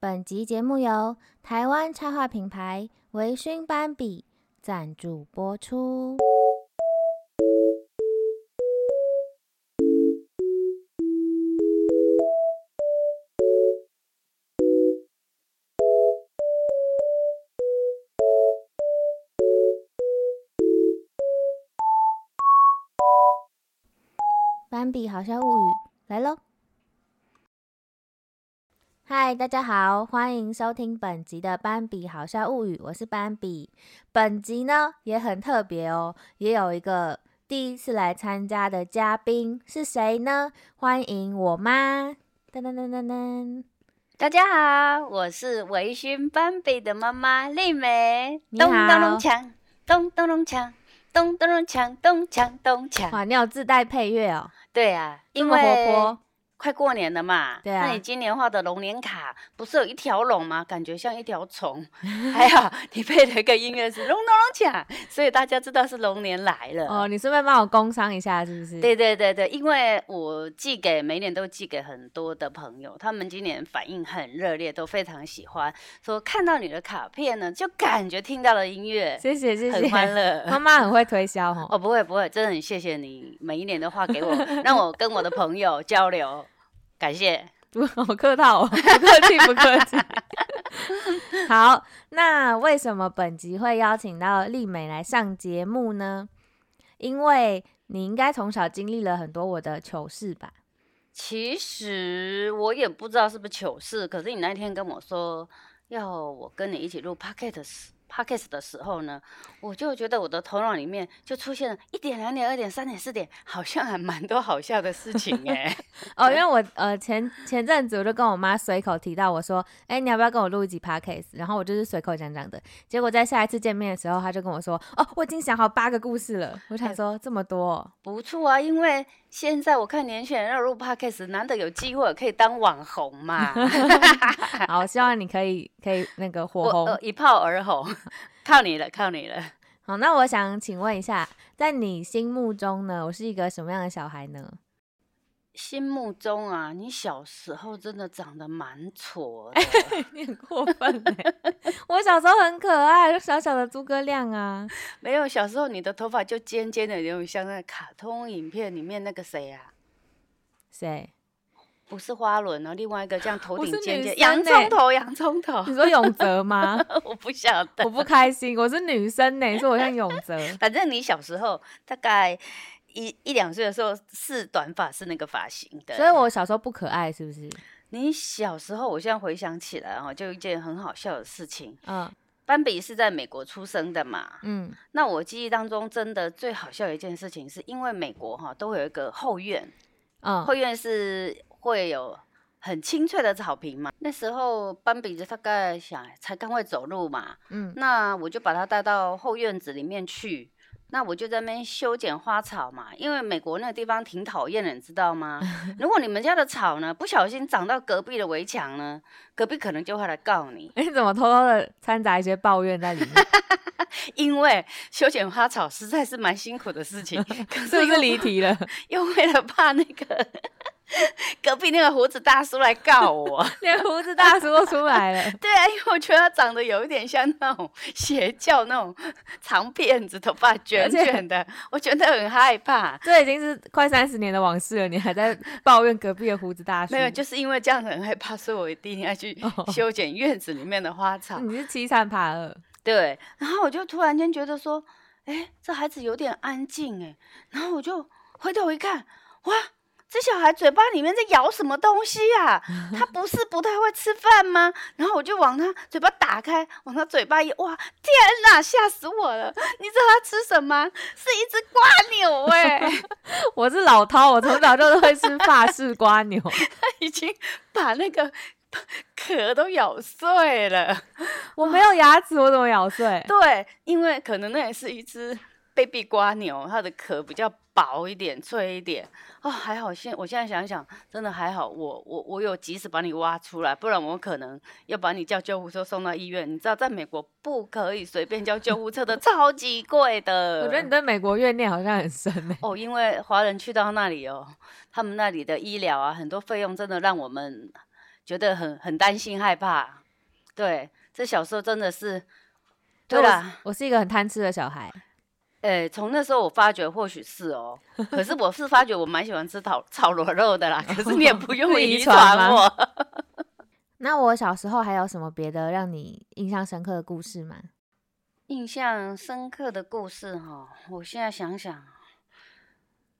本集節目由台灣插畫品牌微醺斑比贊助播出。斑比好笑物語來嘍！嗨，Hi, 大家好，歡迎收聽本集的《斑比好笑物語》，我是斑比。本集呢也很特別哦，也有一個第一次來參加的嘉賓是誰呢？歡迎我媽！噔噔噔噔噔，大家好，我是微醺斑比的媽媽麗美。你好。咚咚隆鏘，咚咚隆鏘，咚咚隆鏘，咚鏘咚鏘。哇，你有自帶配樂哦？對啊，這麼因為活快過年了嘛，對啊，那你今年畫的龍年卡不是有一條龍嗎？感覺像一條蟲。 還好你配了一個音樂是龍龍龍卡，所以大家知道是龍年來了。哦，你順便幫我工商一下是不是？對對對對，因為我寄給每年都寄給很多的朋友，他們今年反應很熱烈，都非常喜歡，說看到你的卡片呢，就感覺聽到了音樂。謝謝謝謝，很歡樂。媽媽很會推銷 哦，不會不會，真的很謝謝你，每一年都畫給我， 讓我跟我的朋友交流。感謝，不好客套，哦好客氣，不客氣，不客氣。好，那為什麼本集會邀請到麗美來上節目呢？因為你應該從小經歷了很多我的糗事吧？其實我也不知道是不是糗事，可是你那天跟我說要我跟你一起錄 podcast。Podcast 的時候呢，我就覺得我的頭腦裡面就出現了一點、兩點、二點、三點、四點，好像還蠻多好笑的事情哎。 哦，因為我呃前前陣子我就跟我媽隨口提到我說，哎，你要不要跟我錄一集 Podcast？然後我就是隨口講講的，結果在下一次見面的時候，她就跟我說，哦，我已經想好八個故事了。我想說這麼多不錯啊，因為。現在我看年輕人要入 podcast，難得有機會可以當網紅嘛， 好，希望你可以可以那個火紅、呃、一炮而紅， 靠你了，靠你了。好，那我想請問一下，在你心目中呢，我是一個什麼樣的小孩呢？心目中啊，你小時候真的長得蠻醜，的、欸。你很過分、欸、 我小時候很可愛，就小小的諸葛亮啊。沒有，小時候你的頭髮就尖尖的，有點像那個卡通影片裡面那個誰啊？誰誰？不是花輪啊？另外一個這樣頭頂尖尖，欸、洋蔥頭，洋蔥頭。 你說永澤嗎？ 我不曉得，我不開心。我是女生呢、欸，說我像永澤。 反正你小時候大概。一一兩歲的時候是短髮，是那個髮型的。所以我小時候不可愛，是不是？你小時候，我現在回想起來哈，就一件很好笑的事情啊。斑比、嗯、是在美國出生的嘛，嗯。那我記憶當中真的最好笑的一件事情，是因為美國哈都會有一個後院、嗯、後院是會有很青翠的草坪嘛。那時候斑比就大概想才剛會走路嘛，嗯。那我就把他帶到後院子裡面去。那我就在那邊修剪花草嘛，因為美國那個地方挺討厭的，你知道嗎？ 如果你們家的草呢，不小心長到隔壁的圍牆呢，隔壁可能就會來告你。你、欸、怎麼偷偷的摻雜一些抱怨在裡面？ 因為修剪花草實在是蠻辛苦的事情， 可是又離題了，又為了怕那個。 隔壁那個鬍子大叔來告我， 連鬍子大叔都出來了。 對啊，因為我覺得他長得有一點像那種邪教那種長辮子頭髮捲捲的，且我覺得很害怕。這已經是快三十年的往事了，你還在抱怨隔壁的鬍子大叔？ 沒有，就是因為這樣很害怕，所以我一定要去修剪院子裡面的花草。你是欺善怕惡？對。然後我就突然間覺得說，哎、欸，這孩子有點安靜哎、欸。然後我就回頭一看，哇！這小孩嘴巴裡面在咬什麼東西呀、啊？他不是不太會吃飯嗎？ 然後我就往他嘴巴打開，往他嘴巴一……哇！天哪，嚇死我了！你知道他吃什麼？是一隻蝸牛哎、欸！ 我是老饕，我從小就都會吃法式蝸牛。 他已經把那個殼都咬碎了。我沒有牙齒，我怎麼咬碎？ 對，因為可能那也是一隻。Baby 蝸牛，它的殼比較薄一點，脆一點哦，還好現。現我現在想想，真的還好我。我我我有及時把你挖出來，不然我可能要把你叫救護車送到醫院。你知道，在美國不可以隨便叫救護車的， 超級貴的。我覺得你對美國怨念好像很深、欸、哦，因為華人去到那裡哦，他們那裡的醫療啊，很多費用真的讓我們覺得很很擔心害怕。對，這小時候真的是。對了，我是一個很貪吃的小孩。誒，從那時候我發覺或許是哦， 可是我是發覺我蠻喜歡吃炒炒螺肉的啦。 可是你也不用遺傳我。 那我小時候還有什麼別的讓你印象深刻的故事嗎？印象深刻的故事哈、哦，我現在想想，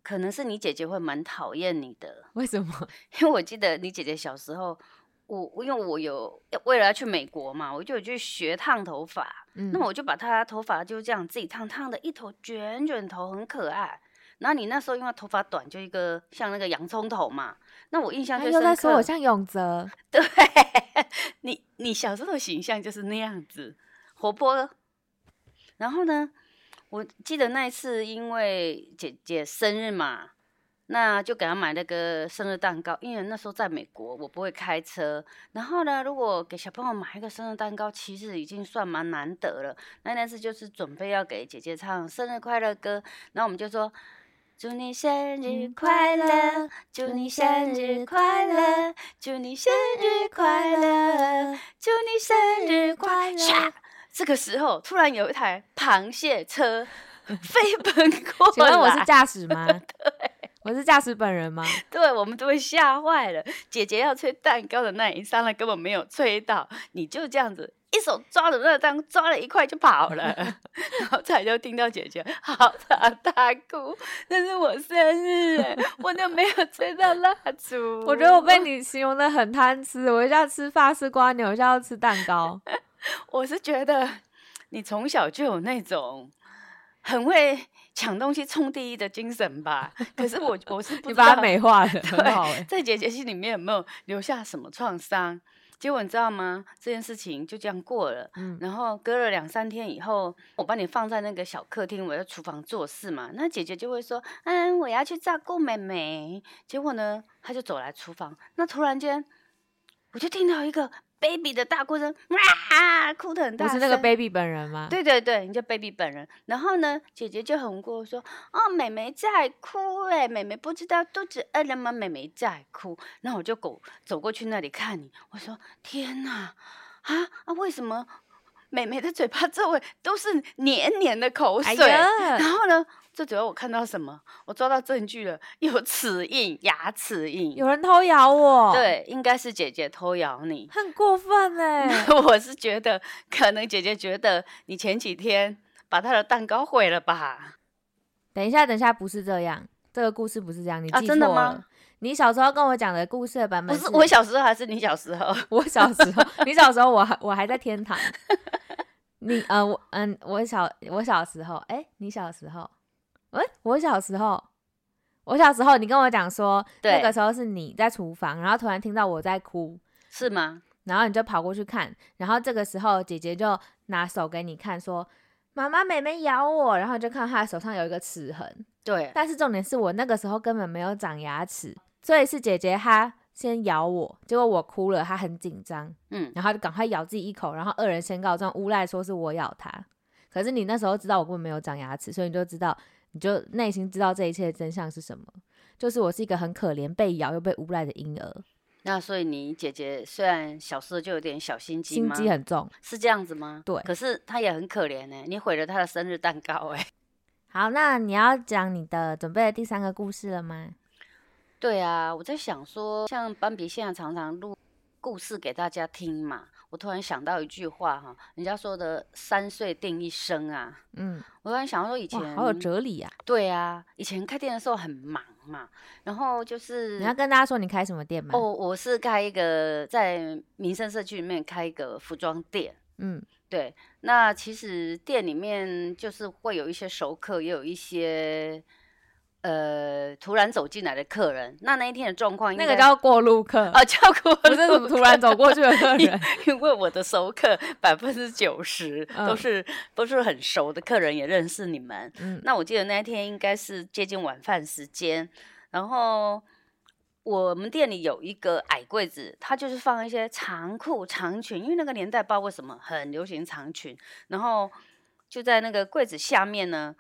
可能是你姐姐會蠻討厭你的。為什麼？因為我記得你姐姐小時候，我因為我有為了要去美國嘛，我就有去學燙頭髮。那我就把他頭髮就這樣自己燙燙的，一頭捲捲頭很可愛。然後你那時候因為頭髮短，就一個像那個洋蔥頭嘛。那我印象就是那時候我像永澤。對， 你你小時候的形象就是那樣子，活潑。然後呢，我記得那一次因為姐姐生日嘛。那就給他買那個生日蛋糕，因為那時候在美國，我不會開車。然後呢，如果給小朋友買一個生日蛋糕，其實已經算蠻難得了。那那次就是準備要給姐姐唱生日快樂歌，然後我們就說： 祝你生日快樂，祝你生日快樂，祝你生日快樂，祝你生日快樂。祝你生日快樂 這個時候突然有一台螃蟹車 飛奔過來，請問我是駕駛嗎？ 對。我是駕駛本人嗎？對，我們都被嚇壞了。姐姐要吹蛋糕的那一剎那，根本沒有吹到。你就這樣子，一手抓着蠟燭，抓了一塊就跑了。然後才就聽到姐姐嚎啕大，大哭：“那是我生日，我都沒有吹到蠟燭。” 我覺得我被你形容得很貪吃，我一下吃發絲瓜，扭一下要吃蛋糕。 我是覺得你從小就有那種。很會搶東西衝第一的精神吧？可是我我是不 把它美化的。 對，很好欸，在姐姐心裡面有沒有留下什麼創傷？結果你知道嗎？這件事情就這樣過了。嗯，然後隔了兩三天以後，我把你放在那個小客廳，我在廚房做事嘛。那姐姐就會說：“嗯，我要去照顧妹妹。”結果呢，她就走來廚房，那突然間我就聽到一個。baby 的大哭聲，啊，哭得很大聲。不是那個 baby 本人嗎？對對對，你叫 baby 本人。然後呢，姐姐就哄過我說：“哦，妹妹在哭哎、欸，妹妹不知道肚子餓了嗎？妹妹在哭。”然後我就走走過去那裡看你，我說：“天哪，啊啊，為什麼？”妹妹的嘴巴周圍都是黏黏的口水，哎、呀然後呢，最主要我看到什麼？我抓到證據了，有齒印，牙齒印，有人偷咬我。對，應該是姐姐偷咬你，很過分哎、欸！我是覺得，可能姐姐覺得你前幾天把她的蛋糕毀了吧？等一下，等一下，不是這樣，這個故事不是這樣，你記錯了、啊、真的嗎？你小時候跟我講的故事的版本。不是我小時候，還是你小時候？我小時候， 你小時候，我還我還在天堂。 你呃、嗯，我嗯，我小我小時候，哎、欸，你小時候，誒、欸，我小時候，我小時候，你跟我講說，對，那個時候是你在廚房，然後突然聽到我在哭，是嗎？然後你就跑過去看，然後這個時候姐姐就拿手給你看說，說媽媽妹妹咬我，然後就看到她手上有一個齒痕。對，但是重點是我那個時候根本沒有長牙齒，所以是姐姐她。先咬我，結果我哭了，他很緊張，嗯，然後就趕快咬自己一口，然後惡人先告狀，誣賴說是我咬他。可是你那時候知道我根本沒有長牙齒，所以你就知道，你就內心知道這一切的真相是什麼，就是我是一個很可憐被咬又被誣賴的嬰兒。那所以你姐姐雖然小時候就有點小心機，心機很重，是這樣子嗎？對，可是她也很可憐呢、欸。你毀了她的生日蛋糕哎、欸。好，那你要講你的準備的第三個故事了嗎？對啊，我在想說，像斑比現在常常錄故事給大家聽嘛，我突然想到一句話哈，人家說的“三歲定一生”啊，嗯，我突然想到說以前好有哲理啊，對啊，以前開店的時候很忙嘛，然後就是你要跟大家說你開什麼店嗎？哦，我是開一個在民生社區裡面開一個服裝店，嗯，對，那其實店裡面就是會有一些熟客，也有一些。呃，突然走進來的客人，那那一天的狀況，那個叫過路客啊、呃，叫過路客。不是突然走過去的客人， 因為我的熟客百分之九十都是、嗯、都是很熟的客人，也認識你們。嗯、那我記得那一天應該是接近晚飯時間，然後我們店裡有一個矮櫃子，它就是放一些長褲、長裙，因為那個年代包括什麼很流行長裙，然後就在那個櫃子下面呢。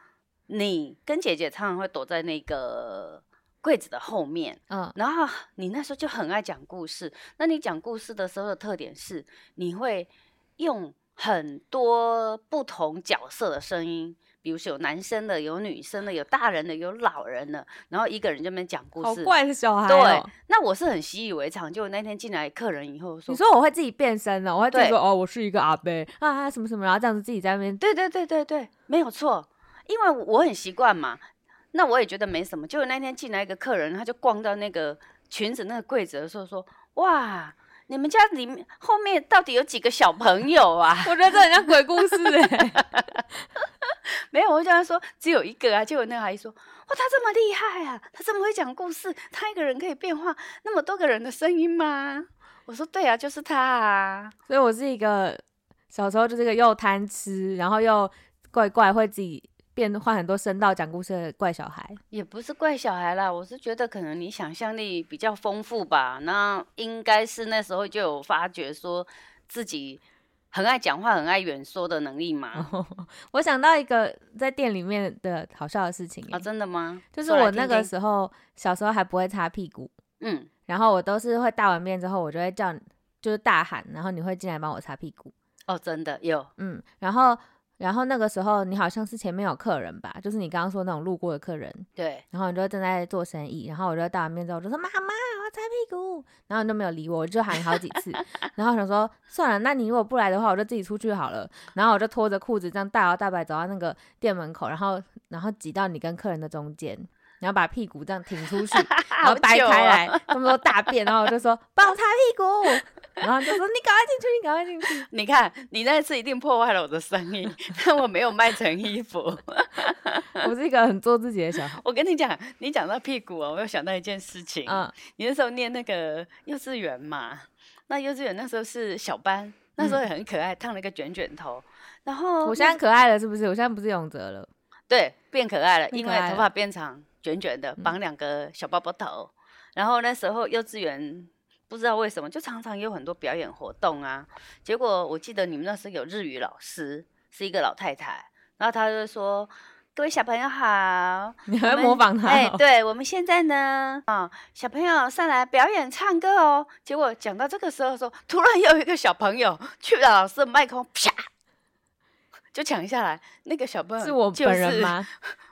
你跟姐姐常常會躲在那個櫃子的後面，嗯，然後你那時候就很愛講故事。那你講故事的時候的特點是，你會用很多不同角色的聲音，比如說有男生的，有女生的，有大人的，有老人的，然後一個人在那邊講故事。好怪的小孩、哦。對。那我是很習以為常，就那天進來客人以後說，你說我會自己變身了、啊，我會記得對哦，我是一個阿伯啊，啊，什麼什麼，然後這樣子自己在那邊。對對對對對，沒有錯。因為我很習慣嘛，那我也覺得沒什麼。結果那天進來一個客人，他就逛到那個裙子、那個櫃子的時候，說：“哇，你們家裡面後面到底有幾個小朋友啊？” 我覺得這很像鬼故事哎、欸。 沒有，我叫他說只有一個啊。結果那個阿姨說：“哇，他這麼厲害啊，他這麼會講故事，他一個人可以變化那麼多個人的聲音嗎？”我說：“對啊，就是他。”啊。所以，我是一個小時候就是個又貪吃，然後又怪怪，會自己。變換很多聲道講故事的怪小孩，也不是怪小孩啦，我是覺得可能你想象力比較豐富吧。那應該是那時候就有發覺說自己很愛講話、很愛演說的能力嘛、哦。我想到一個在店裡面的好笑的事情啊。真的嗎？就是我那個時候小時候還不會擦屁股，嗯，然後我都是會大完便之後，我就會叫，就是大喊，然後你會進來幫我擦屁股。哦，真的有，嗯，然後。然後那個時候，你好像是前面有客人吧，就是你剛剛說那種路過的客人。對。然後你就正在做生意，然後我就到面之後就說：“媽媽，我要擦屁股。”然後你就沒有理我，我就喊你好幾次。 然後我想說算了，那你如果不來的話，我就自己出去好了。然後我就拖着褲子這樣大搖大擺走到那個店門口，然後然後擠到你跟客人的中間。然後把屁股這樣挺出去，然後掰開來，他們說大便，然後我就說幫我擦屁股，然後就說你趕快進去，你趕快進去。你看，你那次一定破壞了我的生意，但我沒有賣成衣服。我是一個很做自己的小孩。我跟你講，你講到屁股啊，我又想到一件事情。你那時候念那個幼稚園嘛，那幼稚園那時候是小班，那時候也很可愛，燙了一個卷卷頭，然後我現在可愛了是不是？我現在不是永澤了，對，變可愛了，因為頭髮變長。卷卷的，綁兩個小包包頭，嗯、然後那時候幼稚園不知道為什麼就常常有很多表演活動啊。結果我記得你們那時候有日語老師是一個老太太，然後她就說：“各位小朋友好，你還模仿她。”哎、欸，對，我們現在呢，啊，小朋友上來表演唱歌哦。結果講到這個時候說，說突然有一個小朋友去了老師的麥克風，啪，就搶下來那個小朋友、就是我本人嗎？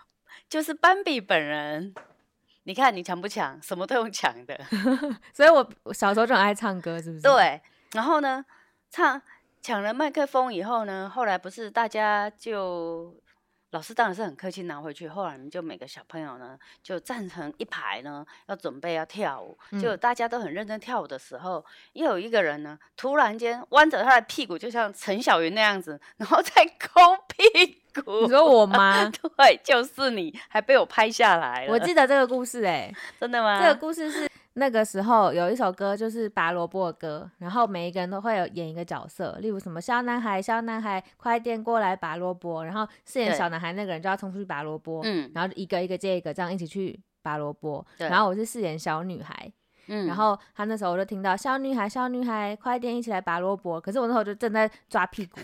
就是斑比本人，你看你搶不搶？什麼都用搶的， 所以我小時候就很愛唱歌，是不是？對。然後呢，唱搶了麥克風以後呢，後來不是大家就老師當然是很客氣拿回去。後來就每個小朋友呢就站成一排呢，要準備要跳舞。就大家都很認真跳舞的時候，又、嗯、有一個人呢突然間彎着他的屁股，就像陳小雲那樣子，然後在勾屁你說我嗎？ 對，就是你，還被我拍下來。我記得這個故事，欸，哎，真的嗎？這個故事是那個時候有一首歌，就是拔蘿蔔的歌。然後每一個人都會有演一個角色，例如什麼小男孩，小男孩快點過來拔蘿蔔。然後飾演小男孩那個人就要衝出去拔蘿蔔，對然後一個一個接一個這樣一起去拔蘿蔔。嗯，然後我是飾演小女孩。嗯，然後他那時候我就聽到小女孩，小女孩，快點一起來拔蘿蔔。可是我那時候就正在抓屁股，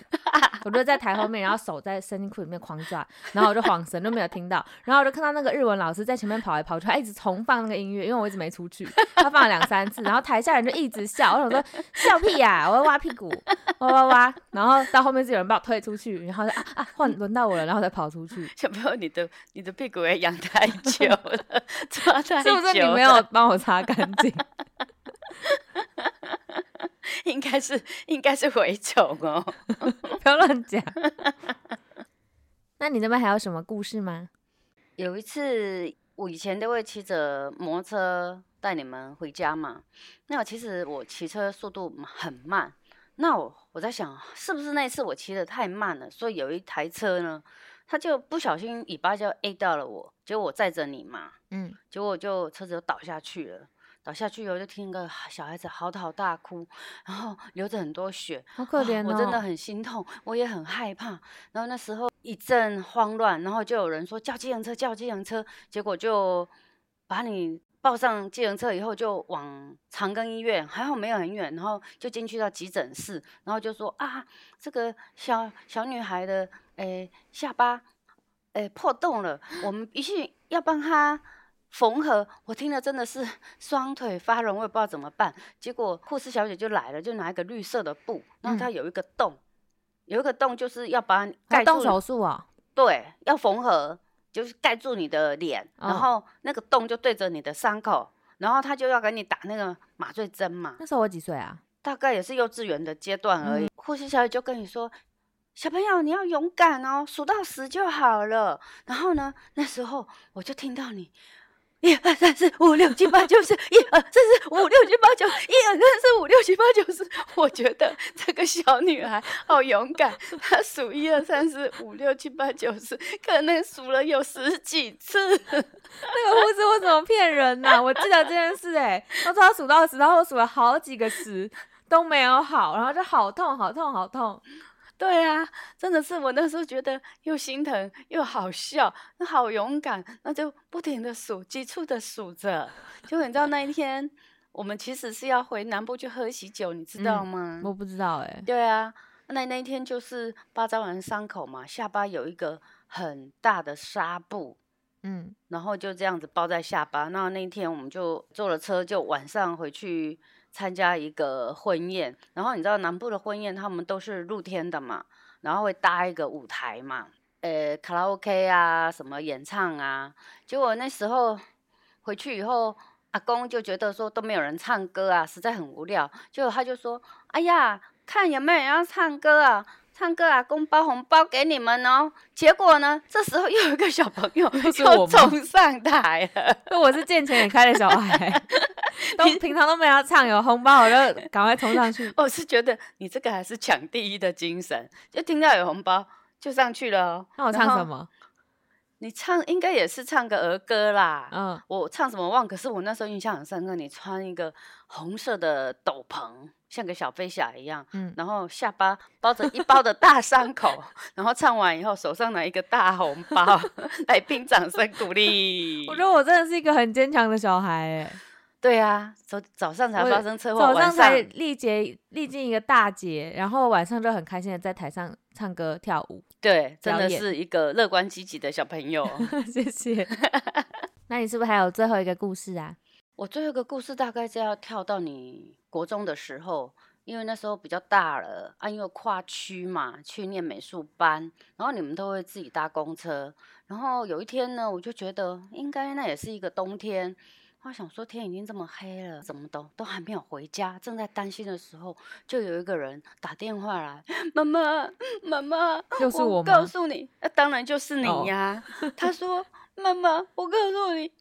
我就在台後面，然後手在伸進褲裡面狂抓，然後我就晃神都沒有聽到。然後我就看到那個日文老師在前面跑來跑去，他一直重放那個音樂，因為我一直沒出去，他放了兩三次。然後台下人就一直笑，我想說笑屁呀，啊，我要挖屁股，挖，挖挖挖。然後到後面是有人把我推出去，然後就啊啊換輪到我了，然後再跑出去。小朋友，你的你的屁股也養太久了，抓太久了，是不是你沒有幫我擦乾淨？哈哈哈應該是，應該是回走哦，不要亂講。那你那邊還有什麼故事嗎？有一次，我以前都會騎着摩托車帶你們回家嘛。那我其實我騎車速度很慢，那我我在想，是不是那次我騎得太慢了，所以有一台車呢，它就不小心尾巴就 A 到了我，結果我載着你嘛，嗯，結果我就車子就倒下去了。倒下去以後，就聽一個小孩子嚎啕大哭，然後流着很多血，好可憐哦，啊，我真的很心痛，我也很害怕。然後那時候一陣慌亂，然後就有人說叫計程車，叫計程車。結果就把你抱上計程車以後，就往長庚醫院，還好沒有很遠，然後就進去到急診室，然後就說啊，這個小小女孩的誒、欸、下巴誒、欸、破洞了，我們必須要幫她縫合，我聽了真的是雙腿發軟，我也不知道怎麼辦。結果護士小姐就來了，就拿一個綠色的布，然後它有一個洞，嗯、有一個洞就是要把它蓋住、嗯、動手術啊、哦。對，要縫合，就是蓋住你的臉，哦、然後那個洞就對着你的傷口，然後他就要給你打那個麻醉針嘛。那時候我幾歲啊？大概也是幼稚園的階段而已。嗯、護士小姐就跟你說：“小朋友，你要勇敢哦，數到十就好了。”然後呢，那時候我就聽到你。一二三四五六七八九十，一二三四五六七八九，一二三四五六七八九十。我覺得這個小女孩好勇敢，她數一二三四五六七八九十，可能數了有十幾次。 那個護士，我怎麼騙人呢、啊？ 我記得這件事、欸，哎，她說她數到十，然後數了好幾個十都沒有好，然後就好痛，好痛，好痛。對啊，真的是我那時候覺得又心疼又好笑，那好勇敢，那就不停的數，急促的數着。就你知道那一天， 我們其實是要回南部去喝喜酒，你知道嗎？嗯、我不知道哎、欸。對啊，那那一天就是包紮完傷口嘛，下巴有一個很大的紗布，嗯，然後就這樣子包在下巴。那那一天我們就坐了車，就晚上回去。參加一個婚宴，然後你知道南部的婚宴他們都是露天的嘛，然後會搭一個舞台嘛，呃、欸，卡拉 OK 啊，什麼演唱啊，結果那時候回去以後，阿公就覺得說都沒有人唱歌啊，實在很無聊，就他就說，哎呀，看有沒有人要唱歌啊。唱歌啊，公包紅包給你們哦、喔。結果呢，這時候又有一個小朋友又衝上台了。 是我是見錢眼開的小孩，平 平常都沒有唱，有紅包我就趕快衝上去。 我是覺得你這個還是搶第一的精神，就聽到有紅包就上去了、喔。那我唱什麼？你唱應該也是唱個兒歌啦，嗯、我唱什麼忘，可是我那時候印象很深刻，你穿一個紅色的斗篷，像個小飛俠一樣，嗯、然後下巴包着一包的大傷口， 然後唱完以後手上拿一個大紅包 來賓掌聲鼓勵。 我覺得我真的是一個很堅強的小孩、欸對啊，早早上才發生車禍，早上才歷劫，歷經一個大劫，嗯、然後晚上就很開心的在台上唱歌跳舞。對，演真的是一個樂觀積極的小朋友， 謝謝。 那你是不是還有最後一個故事啊？我最後一個故事大概就要跳到你國中的時候，因為那時候比較大了啊，因為跨區嘛去念美術班，然後你們都會自己搭公車，然後有一天呢，我就覺得應該那也是一個冬天。我想說天已經這麼黑了，怎麼都都還沒有回家，正在擔心的時候，就有一個人打電話來：“媽媽，媽媽，就是我。”告訴你，那、啊、當然就是你呀、啊。他、哦、說：“ 媽媽，我告訴你，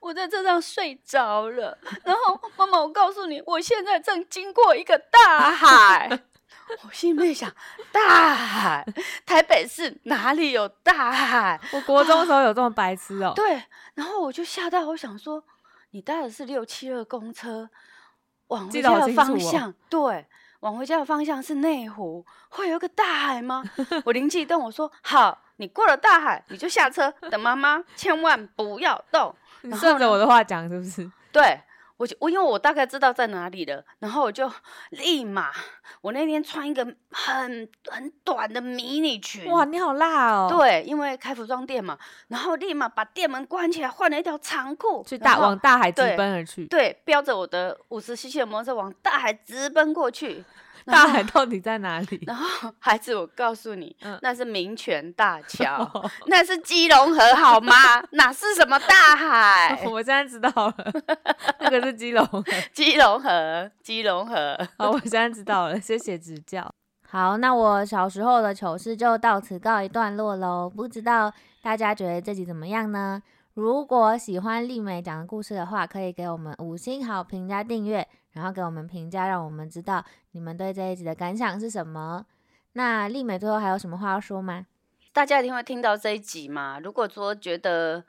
我在車上睡着了。然後，媽媽，我告訴你，我現在正經過一個大海。” 我心裡面想：“大海， 台北市哪裡有大海？” 我國中時候有這麼白痴哦。對，然後我就嚇到，我想說。你搭的是六七二公車，往回家的方向。哦、對，往回家的方向是內湖，會有一個大海嗎？ 我靈機一動，我說好，你過了大海你就下車等媽媽， 千萬不要動。你順着我的話講 是不是？對。我就我因為我大概知道在哪裡了，然後我就立馬，我那天穿一個很很短的迷你裙，哇，你好辣哦！對，因為開服裝店嘛，然後立馬把店門關起來，換了一條長褲，去大後往大海直奔而去，對，飆着我的五十 cc 摩托車往大海直奔過去。哦、大海到底在哪裡？然後孩子，我告訴你，嗯、那是民權大橋，哦、那是基隆河，好嗎？ 哪是什麼大海、哦？我現在知道了，那 個是基隆河，基隆河，基隆河。好，我現在知道了，謝謝 指教。好，那我小時候的糗事就到此告一段落嘍。不知道大家覺得自己怎麼樣呢？如果喜歡麗美講的故事的話，可以給我們五星好評加訂閱，然後給我們評價，讓我們知道你們對這一集的感想是什麼。那麗美最後還有什麼話要說嗎？大家一定會聽到這一集嘛？如果說覺得，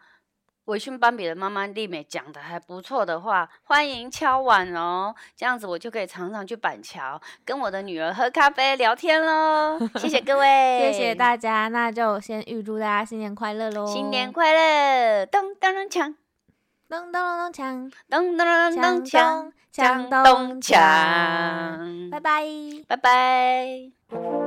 維訊班比的媽媽麗美講的還不錯的話，歡迎敲碗哦，這樣子我就可以常常去板橋跟我的女兒喝咖啡聊天嘍。謝謝各位，謝謝大家，那就先預祝大家新年快樂嘍！新年快樂！咚咚咚，鏘，咚咚咚隆鏘，咚咚咚，咚鏘，咚，咚鏘！拜拜，拜拜。